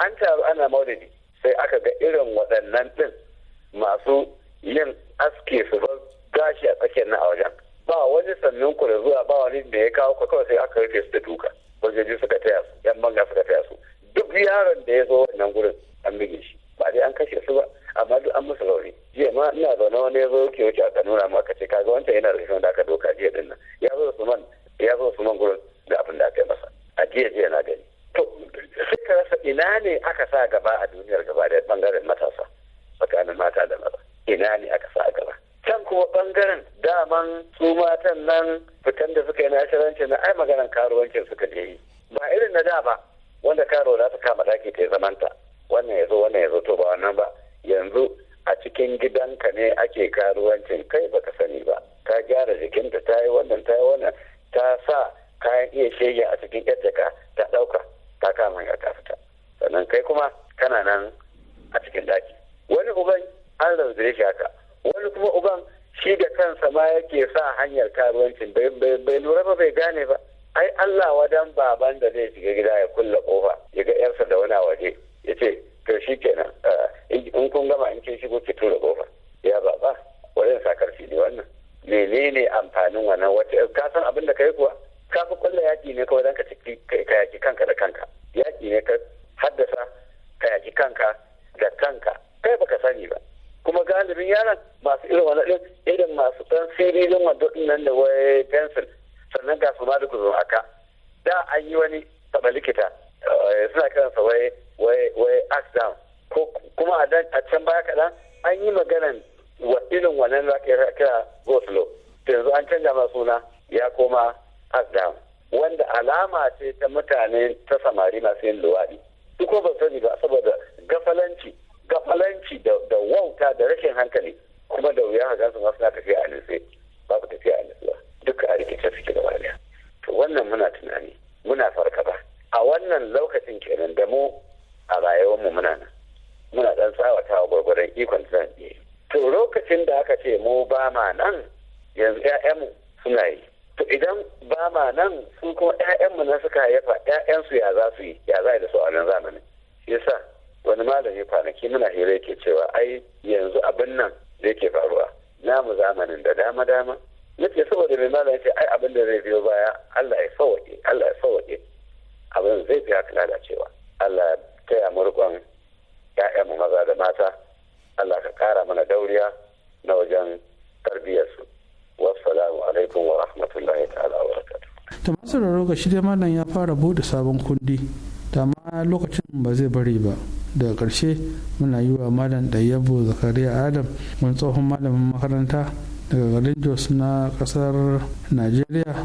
an taru ana maulidi sai aka ga irin waɗannan ɗin masu yin aske su bar gashi a tsakiyar na a wajen ba wani sannin ku da zuwa ba wani da ya kawo ku kawai sai aka rufe su da duka wajeji suka taya su yan banga suka taya su duk yaron da ya zo wannan gurin an bige shi ba dai an kashe su ba amma duk an musu rauni jiya ma ina zaune wani ya zo ke wuce aka nuna ma ka ce kaga wancan yana da da aka doka jiya din ya zo su man ya zo su man gurin da abin da aka yi masa a jiya jiya na gani to sai ka rasa ina ne aka sa gaba a duniyar gaba da bangaren matasa tsakanin mata da maza ina ne aka sa gaba can kuma bangaren daman su matan nan fitan da suka yi na shirancin na ai maganan karuwancin suka je yi ba irin na da ba wanda karo za ta kama daki ta zamanta wannan ya zo wannan ya zo to ba wannan ba yanzu a cikin gidanka ne ake karuwancin kai baka sani ba ta gyara jikinta ta yi wannan ta yi wannan ta sa kayan iya shege a cikin yadda ka ta ɗauka ta kama ya ta fita sannan kai kuma kana nan a cikin daki wani uban an ranzure shi haka wani kuma uban shi da kansa ma yake sa hanyar karuwancin bai lura ba bai gane ba ai Allah wadan baban da zai shiga gida ya kulle kofa ya ga yarsa da wani waje ya ce to shi kenan eh, in kun gama in shi shigo ki tura goma ya ba ba wajen sa karfi ne wannan
menene
amfanin wannan wata ka san abin da kai kuwa ka fi kwallo yaki ne kawai dan ka ciki ka yaki kanka da kanka yaki ne ka haddasa ka yaki kanka da kanka kai baka sani ba kuma galibin yaran masu irin wani ɗin irin masu dan siririn wanda ɗin nan da wai pencil sannan ga su ma da kuzun aka da an yi wani taɓa likita eh, suna kiransa wai wai ask ko kuma a can baya kaɗan an yi maganan wa irin wannan za ka kira goslo yanzu an canja ma suna ya koma ask wanda alama ce ta mutane ta samari masu yin luwaɗi duk ko ba sani ba saboda gafalanci gafalanci da wauta da rashin hankali kuma da wuya ga gansu masu na tafiya a nutse ba tafiya a nutse ba duka a rikice suke da wariya to wannan muna tunani muna fargaba a wannan lokacin kenan da mu a rayuwarmu muna nan muna dan wa gwargwaron ikon zaɓe to lokacin da aka ce mu ba ma nan yanzu 'ya'yanmu suna yi to idan ba ma nan sun kuma 'ya'yanmu na suka haifa 'ya'yansu ya za su yi ya za da su a nan zamanin shi yasa wani malami kwanaki muna hira yake cewa ai yanzu abin nan da yake faruwa namu zamanin da dama dama nake saboda mai malam ce ai abin da zai biyo baya Allah ya sauke Allah ya sauke abin zai biya ka lalacewa Allah taya mu riƙon maza da mata Allah ka kara mana dauriya na wajen tarbiyyarsu wassalamu alaikum wa rahmatullahi ta'ala wa
ta masu rarrauka shirya malam ya fara bude sabon kundi da ma lokacin ba zai bari ba daga ƙarshe muna yi wa malam ɗayyabo zakariya adam wani tsohon malamin makaranta daga garin jos na ƙasar najeriya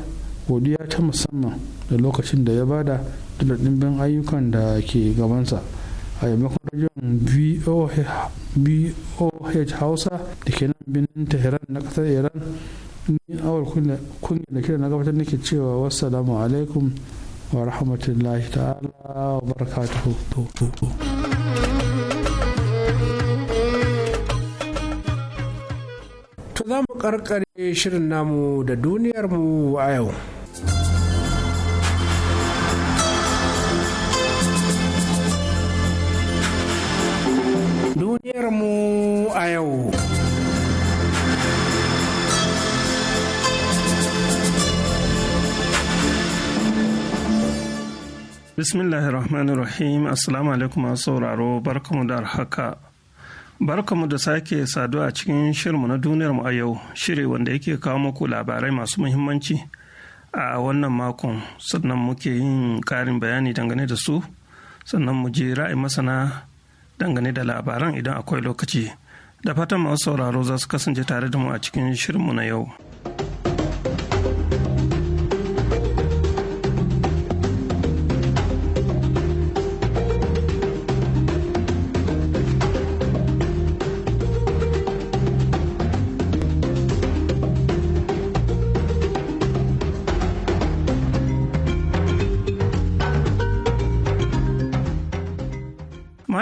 godiya ta musamman da lokacin da ya bada da ayyukan da ke gabansa a yamakon rajon boh hausa da ke nan birnin tehran na ƙasar iran ni awar kunya da kira na gabatar nake cewa wassalamu alaikum wa rahmatullahi ta'ala wa barakatuhu
to za mu karkare shirin namu da duniyarmu a yau
a yau.
Bismillahir Rahmanir Rahim Assalamu alaikum a sauraro barkamu da haka. Barkamu da sake saduwa a cikin shirmu na duniyar mu a yau, shiri wanda yake kawo muku labarai masu muhimmanci a wannan makon sannan muke yin karin bayani dangane da su sannan mu je ra'ayi masana dangane da labaran idan akwai lokaci da fatan masu sauraro za su kasance tare da mu a cikin shirinmu na yau.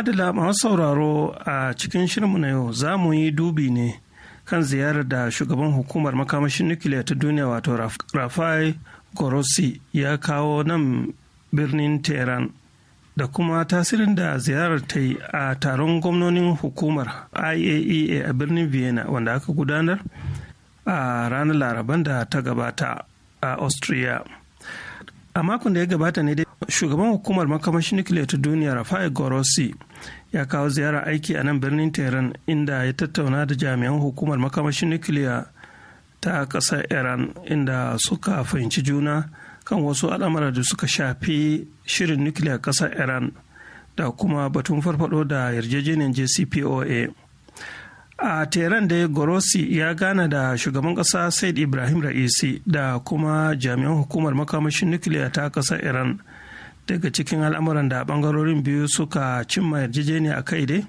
madala masu sauraro a cikin shirinmu na yau za mu yi dubi ne kan ziyarar da shugaban hukumar makamashin nukiliya ta duniya wato rafai gorosi ya kawo nan birnin tehran da kuma tasirin da ziyarar ta yi a taron gwamnonin hukumar iaea e a birnin vienna wanda aka gudanar a ranar laraban da ta gabata a austria a makon da ya gabata ne dai shugaban hukumar makamashin nukiliya ta duniya rafai gorosi ya kawo ziyara aiki a nan birnin tehran inda ya tattauna da jami'an hukumar makamashin nukiliya ta ƙasar iran inda suka fahimci juna kan wasu al'amura da suka shafi shirin nukiliya ƙasar iran da kuma batun farfado da yarjejeniyar jcpoa a tehran dai gorosi ya gana da shugaban ƙasa said ibrahim ra'isi da kuma jami'an hukumar makamashin nukiliya ta ƙasar iran daga cikin al'amuran da bangarorin biyu suka cimma yarjejeniya a kai dai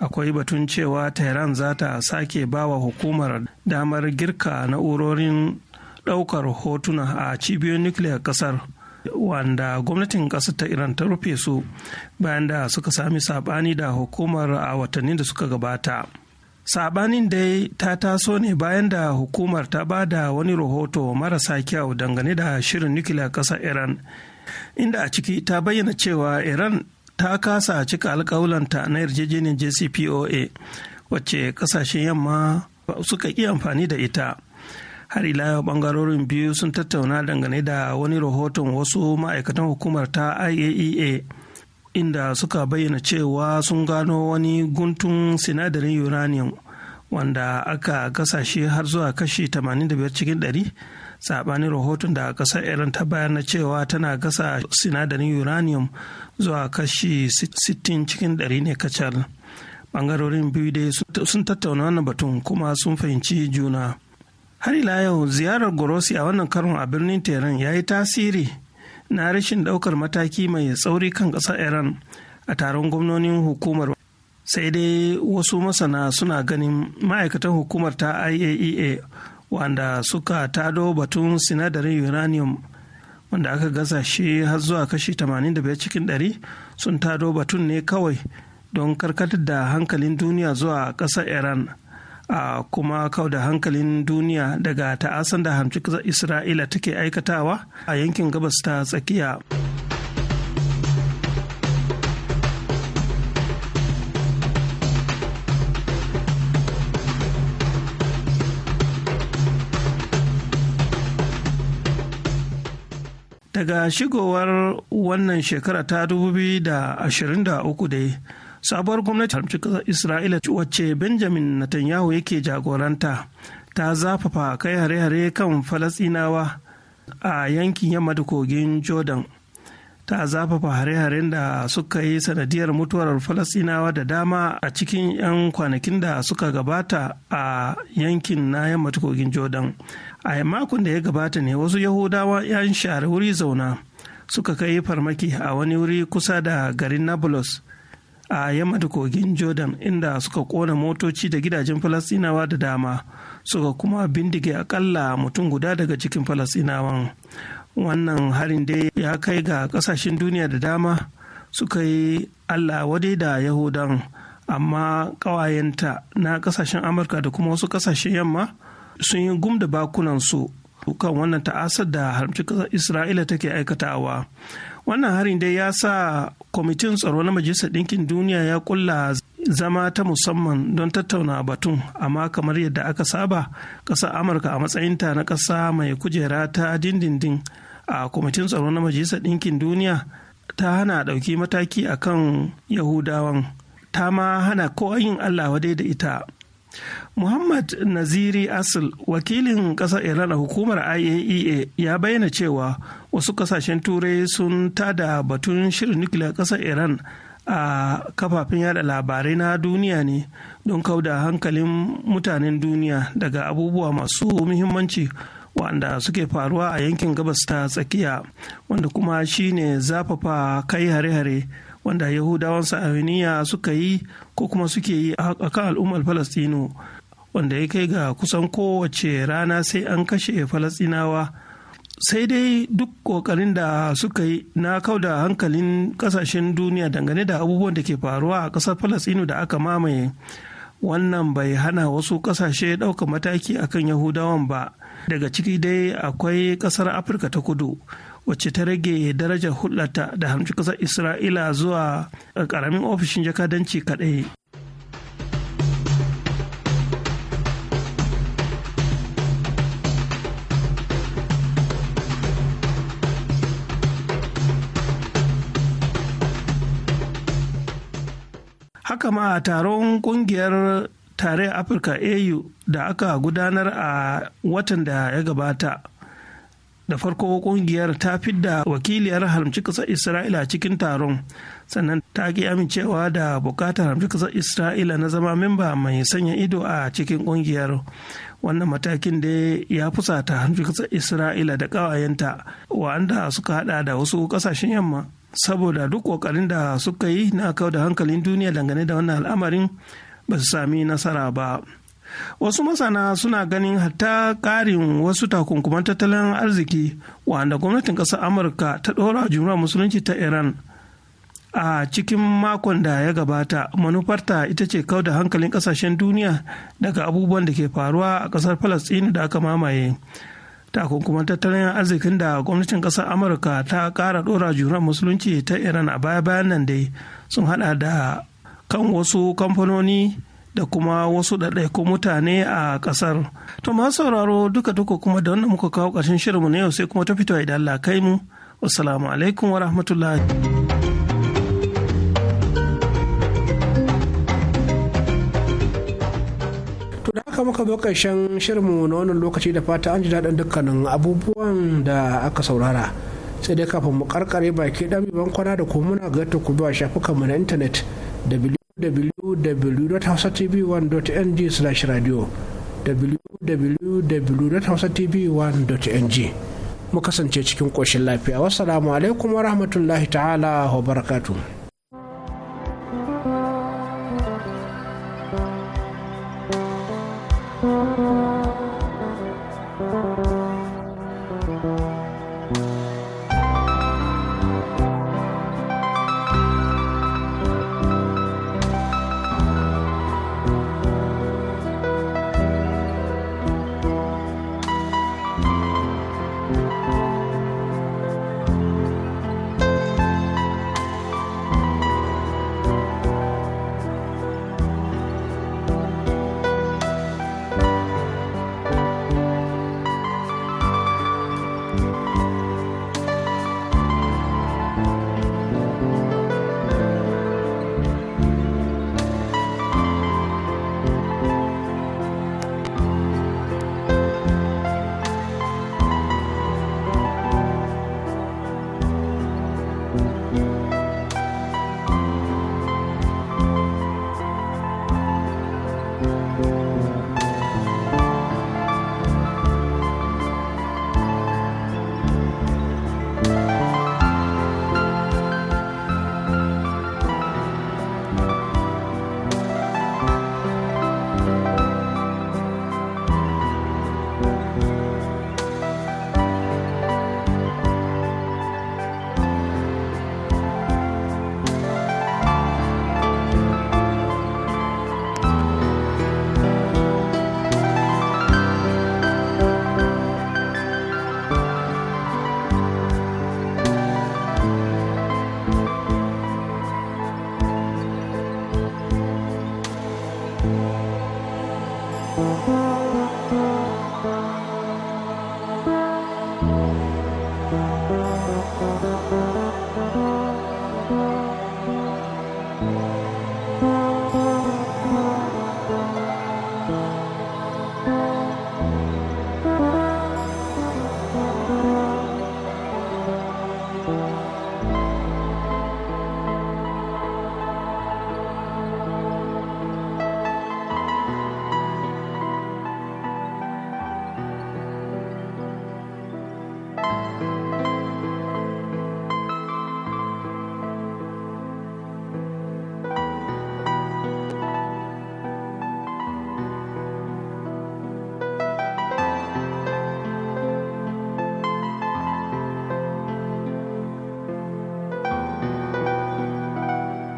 akwai batun cewa tehran za ta sake bawa hukumar damar girka na'urorin ɗaukar hotuna a cibiyoyin nukiliyar ƙasar wanda gwamnatin ƙasar ta iran ta rufe su bayan da suka sami saɓani da hukumar a watannin da suka gabata saɓanin dai ta taso ne bayan da hukumar ta ba da wani rahoto marasa kyau dangane da shirin nukiliyar ƙasar iran inda a ciki ta bayyana cewa iran ta kasa cika alkawulanta na yarjejeniyar jcpoa wacce kasashen yamma suka ƙi amfani da ita har ila yau bangarorin biyu sun tattauna dangane da wani rahoton wasu ma'aikatan hukumar ta iaea e inda suka bayyana cewa sun gano wani guntun sinadarin uranium wanda aka kasashe har zuwa kashi 85 cikin ɗari. saɓanin rahoton da ƙasar iran ta bayar na cewa tana gasa sinadarin uranium zuwa kashi 60 cikin 100 ne kacal Bangarorin biyu dai sun tattauna wannan batun kuma sun fahimci juna har ila yau ziyarar gorosi a wannan karon a birnin teran ya yi tasiri na rashin ɗaukar mataki mai tsauri kan ƙasar iran a taron gwamnonin hukumar sai dai wasu masana suna ganin ma'aikatan hukumar ta iaea e wanda suka tado batun sinadarin uranium wanda aka gasa shi har zuwa kashi 85 cikin 100 sun tado batun ne kawai don karkatar da hankalin duniya zuwa ƙasar iran a kuma kau da hankalin duniya daga ta'asan da hamci isra'ila take aikatawa a yankin gabas ta tsakiya. daga shigowar wannan shekara ta 2023 dai sabuwar gwamnati gwamnatin ƙasar isra'ila wacce benjamin netanyahu yake jagoranta ta zafafa kai hare-hare kan falasinawa a yankin yamma da kogin jordan ta zafafa hare-haren da suka yi sanadiyar mutuwar falasinawa da dama a cikin 'yan kwanakin da suka gabata a yankin na yamma da kogin jordan a makon da ya gabata ne wasu yahudawa 'yan share wuri zauna suka kai farmaki a wani wuri kusa da garin nablus a yamma da kogin jordan inda suka kona motoci da gidajen falasinawa da dama suka kuma bindige akalla mutum guda daga cikin falasinawan wannan harin dai ya kai ga kasashen duniya da dama suka yi allah wadai da yahudan amma ƙawayenta na kasashen amurka da kuma wasu kasashen yamma sun yi gum da bakunansu kan wannan ta'asar da haramci kasar isra'ila take aikatawa wannan harin dai ya sa kwamitin tsaro na majalisar ɗinkin duniya ya kulla zama ta musamman don tattauna batun amma kamar yadda aka saba ƙasar amurka a matsayinta na ƙasa mai kujera ta dindindin a kwamitin tsaro na majalisar ɗinkin duniya ta hana ɗauki mataki akan yahudawan ta ma hana kowa yin allah wadai da ita Muhammad Naziri Asil, wakilin ƙasar Iran a hukumar IAEA e ya bayyana cewa wasu ƙasashen turai sun tada batun shirin nukiliyar ƙasar Iran a kafafen yada labarai na duniya ne don kauda hankalin mutanen duniya daga abubuwa masu muhimmanci wanda suke faruwa a yankin gabas ta tsakiya wanda kuma shine zafafa kai hare-hare. wanda yahudawan sa'awiniya suka yi ko kuma suke yi a kan al'ummar falastinu wanda ya kai ga kusan kowace rana sai an kashe falastinawa sai dai duk ƙoƙarin da suka yi na kau da hankalin ƙasashen duniya dangane da abubuwan da ke faruwa a ƙasar falastinu da aka mamaye wannan bai hana wasu ƙasashe ɗaukar mataki akan yahudawan ba daga ciki dai akwai ƙasar afirka ta kudu wacce ta rage darajar hulɗata da hamci ƙasar isra'ila zuwa eh, ƙaramin ofishin jakadanci kaɗai haka ma a taron ƙungiyar tare afirka au da aka gudanar a watan da ya gabata da farko kungiyar ta fidda wakiliyar haramci kasar isra'ila cikin taron sannan ta ki amincewa da bukatar haramci kasar isra'ila na zama memba mai sanya ido a cikin kungiyar wannan matakin da ya fusata haramci ƙasar isra'ila da ƙawayenta wa'anda suka hada da wasu ƙasashen yamma saboda duk kokarin da suka yi na kawo da hankalin duniya dangane da wannan al'amarin ba su sami nasara ba. wasu masana suna ganin hatta ƙarin wasu takunkuman tattalin arziki wanda gwamnatin ƙasar amurka ta ɗora jumhuriyar musulunci ta iran a cikin makon da ya gabata manufarta ita ce kau da hankalin ƙasashen duniya daga abubuwan da ke faruwa a ƙasar falastinu da aka mamaye takunkuman tattalin arzikin da gwamnatin ƙasar amurka ta ƙara ɗora jumhuriyar musulunci ta iran a baya-bayan nan dai sun haɗa da kan wasu kamfanoni da kuma wasu ko mutane a ƙasar. To masu sauraro duka duka kuma da wannan muka kawo ƙarshen shirinmu na yau sai kuma ta fito idan Allah kai mu. Assalamu alaikum wa rahmatullahi.
To da haka muka zo ƙarshen shirinmu na wannan lokaci da fata an ji daɗin dukkanin abubuwan da aka saurara. sai dai kafin mu karkare baki ɗan bankwana, kwana da kuma muna ga ku zuwa shafukanmu na intanet da www.hausatv1.ng/radio www.hausatv1.ng mu kasance cikin ƙoshin lafiya wasu alaikum wa rahmatullahi ta'ala wa barakatuh